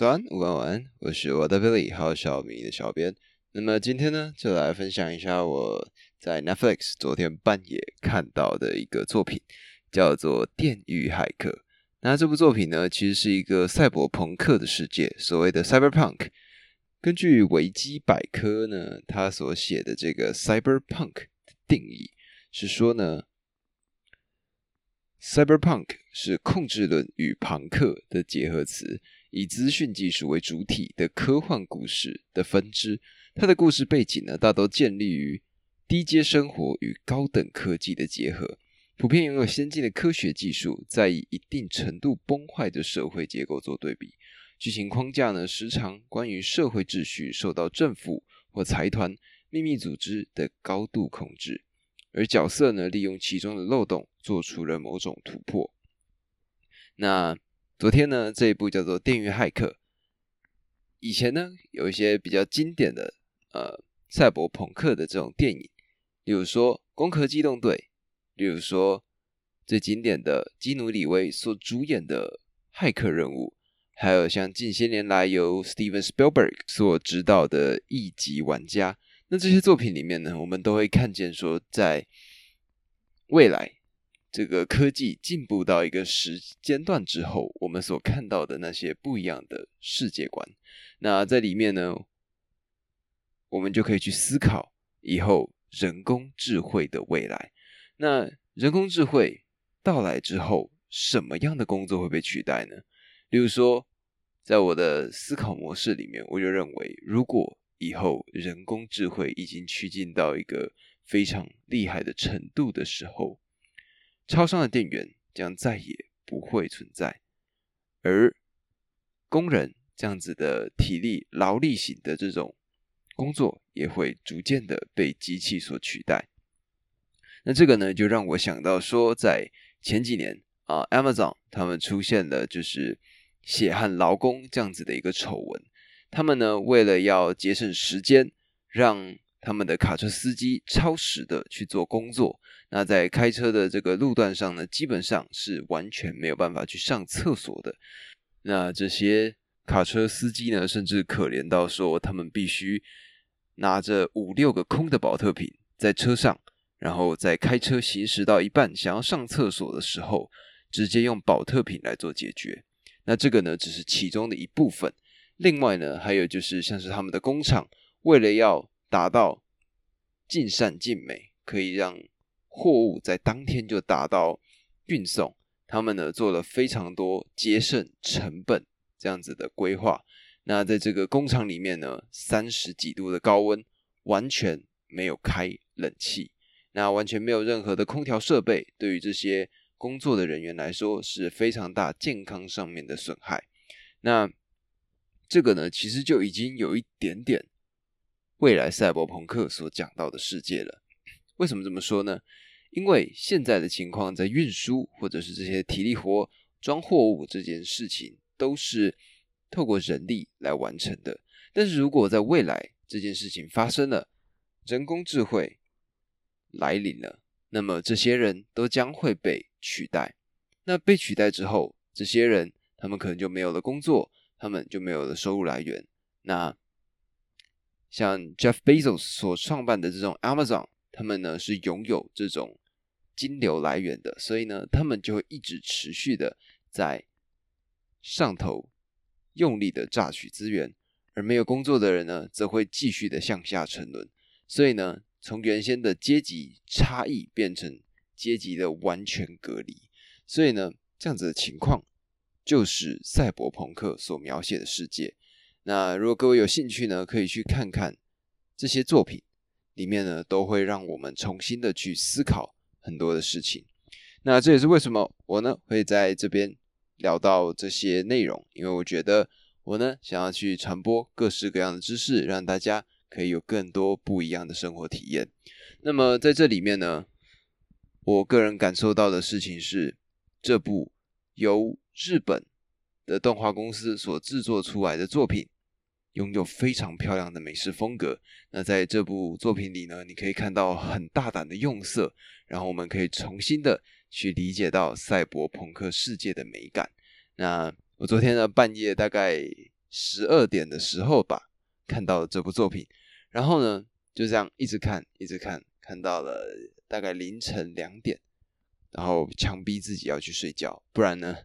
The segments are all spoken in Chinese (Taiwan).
早安，午安，晚安，我是我的 Billy，還有小米的小編。那麼今天呢，就來分享一下我在 Netflix 昨天半夜看到的一個作品，叫做《電馭叛客》。那這部作品呢，其實是一個賽博龐克的世界。所謂的 Cyberpunk，根據維基百科呢，它所寫的這個 Cyberpunk 的定義是說呢，Cyberpunk 是控制論與龐克的結合詞。以資訊技術為主體的科幻故事的分支，它的故事背景呢，大多建立於低階生活與高等科技的結合，普遍擁有先進的科學技術，在以一定程度崩壞的社會結構做對比。劇情框架呢，時常關於社會秩序受到政府或財團、秘密組織的高度控制，而角色呢，利用其中的漏洞做出了某種突破。那…昨天呢，這一部叫做《電馭叛客》。以前呢，有一些比較經典的呃賽博朋克的這種電影，例如說《攻殼機動隊》，例如說最經典的基努里維所主演的駭客任務，還有像近些年來由 Steven Spielberg 所執導的《一級玩家》。那這些作品裡面呢，我們都會看見說，在未來。這個科技進步到一個時間段之後，我們所看到的那些不一樣的世界觀，那在裡面呢，我們就可以去思考以後人工智慧的未來。那人工智慧到來之後，什麼樣的工作會被取代呢？例如說，在我的思考模式裡面，我就認為，如果以後人工智慧已經趨近到一個非常厲害的程度的時候，超商的店員將再也不會存在，而工人這樣子的體力勞力型的這種工作也會逐漸的被機器所取代。那這個呢，就讓我想到說，在前幾年啊，Amazon 他們出現了就是血汗勞工這樣子的一個醜聞，他們呢為了要節省時間，讓他們的卡車司機超時的去做工作，那在開車的這個路段上呢，基本上是完全沒有辦法去上廁所的。那這些卡車司機呢，甚至可憐到說，他們必須拿着五六個空的保特瓶在車上，然後在開車行駛到一半想要上廁所的時候，直接用保特瓶來做解決。那這個呢，只是其中的一部分。另外呢，還有就是像是他們的工廠為了要達到盡善盡美，可以讓貨物在當天就達到運送。他們呢，做了非常多節省成本這樣子的規劃。那在這個工廠裡面呢，三十幾度的高溫，完全沒有開冷氣，那完全沒有任何的空調設備，對於這些工作的人員來說是非常大健康上面的損害。那這個呢，其實就已經有一點點。未來賽博朋克所講到的世界了，為什麼這麼說呢？因為現在的情況在運輸或者是這些體力活裝貨物這件事情都是透過人力來完成的。但是如果在未來這件事情發生了，人工智慧來臨了，那麼這些人都將會被取代。那被取代之後，這些人他們可能就沒有了工作，他們就沒有了收入來源。那像 Jeff Bezos 所創辦的這種 Amazon，他們呢是擁有這種金流來源的，所以呢他們就會一直持續的在上頭用力的榨取資源，而沒有工作的人呢則會繼續的向下沉淪，所以呢從原先的階級差異變成階級的完全隔離，所以呢這樣子的情況就是賽博朋克所描寫的世界。那如果各位有興趣呢，可以去看看這些作品，裡面呢都會讓我們重新的去思考很多的事情。那這也是為什麼我呢會在這邊聊到這些內容，因為我覺得我呢想要去傳播各式各樣的知識，讓大家可以有更多不一樣的生活體驗。那麼在這裡面呢，我個人感受到的事情是，這部由日本的動畫公司所制作出來的作品。擁有非常漂亮的美式風格。那在這部作品裡呢，你可以看到很大膽的用色，然後我們可以重新的去理解到賽博朋克世界的美感。那我昨天呢，半夜大概十二點的時候吧，看到了這部作品，然後呢就這樣一直看一直看，看到了大概凌晨兩點，然後強逼自己要去睡覺，不然呢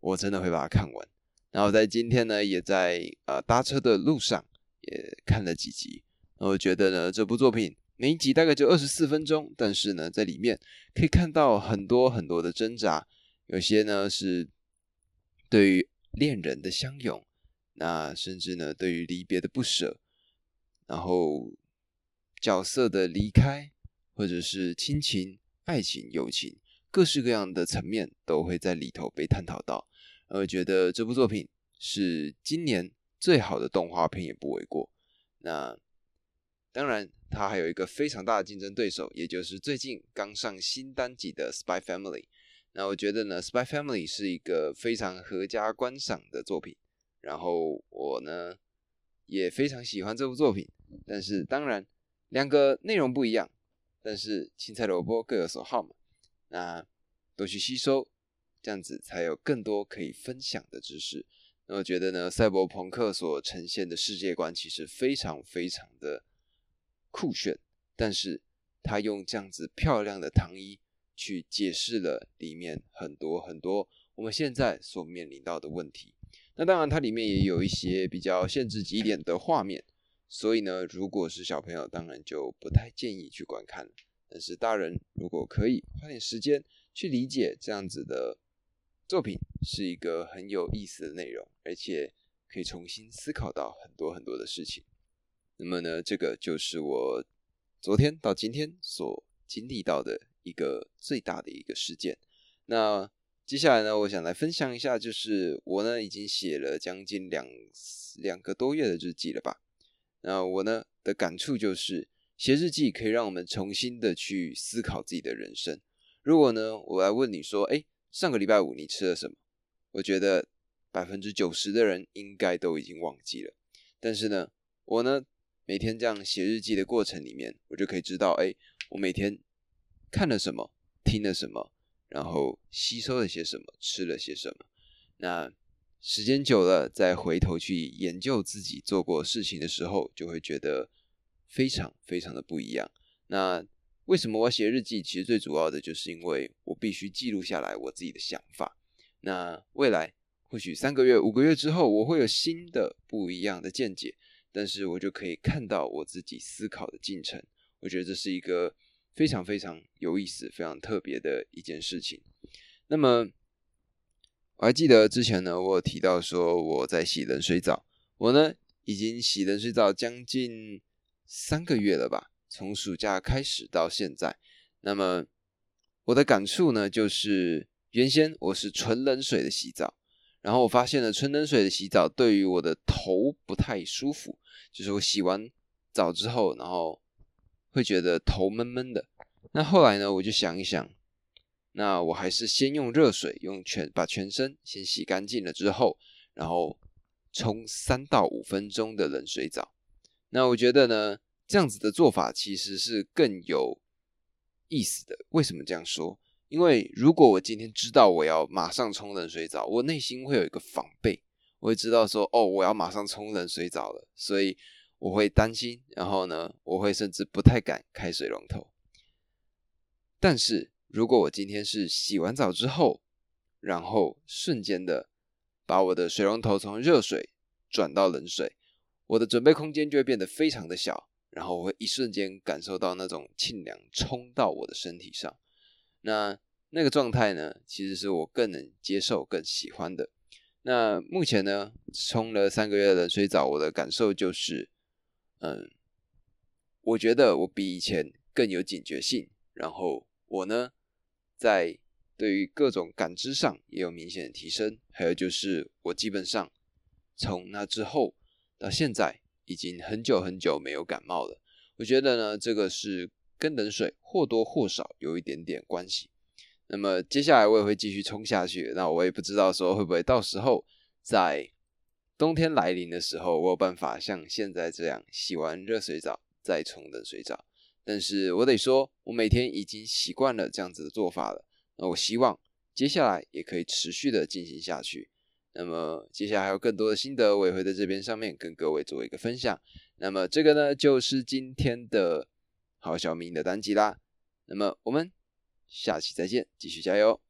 我真的會把它看完。然後在今天呢，也在啊、呃、搭車的路上也看了幾集。然後覺得呢，這部作品每一集大概就二十四分鐘，但是呢，在裡面可以看到很多很多的掙扎，有些呢是對於戀人的相擁，那甚至呢對於離別的不捨，然後角色的離開，或者是親情、愛情、友情，各式各樣的層面都會在裡頭被探討到。我覺得這部作品是今年最好的動畫片，也不為過。那當然，它還有一個非常大的競爭對手，也就是最近剛上新單集的《Spy Family》。那我覺得呢，《Spy Family》是一個非常合家觀賞的作品。然後我呢，也非常喜歡這部作品。但是當然，兩個內容不一樣，但是青菜蘿蔔各有所好嘛，那都去吸收。這樣子才有更多可以分享的知識。那我覺得呢，賽博朋克所呈現的世界觀其實非常非常的酷炫，但是他用這樣子漂亮的糖衣去解釋了裡面很多很多我們現在所面臨到的問題。那當然，它裡面也有一些比較限制級一點的畫面，所以呢，如果是小朋友，當然就不太建議去觀看。但是大人如果可以花點時間去理解這樣子的。作品是一個很有意思的內容，而且可以重新思考到很多很多的事情。那麼呢，這個就是我昨天到今天所經歷到的一個最大的一個事件。那接下來呢，我想來分享一下，就是我呢已經寫了將近兩兩個多月的日記了吧。那我呢的感觸就是，寫日記可以讓我們重新的去思考自己的人生。如果呢，我來問你說，誒、欸。上個禮拜五你吃了什麼？我覺得百分之九十的人應該都已經忘記了。但是呢，我呢，每天這樣寫日記的過程裡面，我就可以知道，誒，我每天看了什麼，聽了什麼，然後吸收了些什麼，吃了些什麼。那時間久了，再回頭去研究自己做過事情的時候，就會覺得非常非常的不一樣。那為什麼我寫日記？其實最主要的就是因為我必須記錄下來我自己的想法。那未來或許三個月、五個月之後，我會有新的不一樣的見解，但是我就可以看到我自己思考的進程。我覺得這是一個非常非常有意思、非常特別的一件事情。那麼我還記得之前呢，我有提到說我在洗冷水澡，我呢已經洗冷水澡將近三個月了吧。從暑假開始到現在，那麼我的感觸呢，就是原先我是純冷水的洗澡，然後我發現了純冷水的洗澡對於我的頭不太舒服，就是我洗完澡之後，然後會覺得頭悶悶的。那後來呢，我就想一想，那我還是先用熱水，用全，把全身先洗乾淨了之後，然後沖三到五分鐘的冷水澡。那我覺得呢，這樣子的做法其實是更有意思的。為什麼這樣說？因為如果我今天知道我要馬上沖冷水澡，我內心會有一個防備，我會知道說哦，我要馬上沖冷水澡了，所以我會擔心。然後呢，我會甚至不太敢開水龍頭。但是如果我今天是洗完澡之後，然後瞬間的把我的水龍頭從熱水轉到冷水，我的準備空間就會變得非常的小。然後我會一瞬間感受到那種沁涼衝到我的身體上，那那個狀態呢，其實是我更能接受、更喜歡的。那目前呢，衝了三個月冷水澡，我的感受就是，嗯，我覺得我比以前更有警覺性。然後我呢，在對於各種感知上也有明顯的提升。還有就是，我基本上從那之後到現在。已經很久很久沒有感冒了，我覺得呢，這個是跟冷水或多或少有一點點關係。那麼接下來我也會繼續沖下去，那我也不知道說會不會到時候在冬天來臨的時候，我有辦法像現在這樣洗完熱水澡再沖冷水澡。但是我得說，我每天已經習慣了這樣子的做法了。那我希望接下來也可以持續的進行下去。那麼接下來還有更多的心得，我也會在這邊上面跟各位做一個分享。那麼這個呢，就是今天的好小明的單集啦。那麼我們下期再見，繼續加油。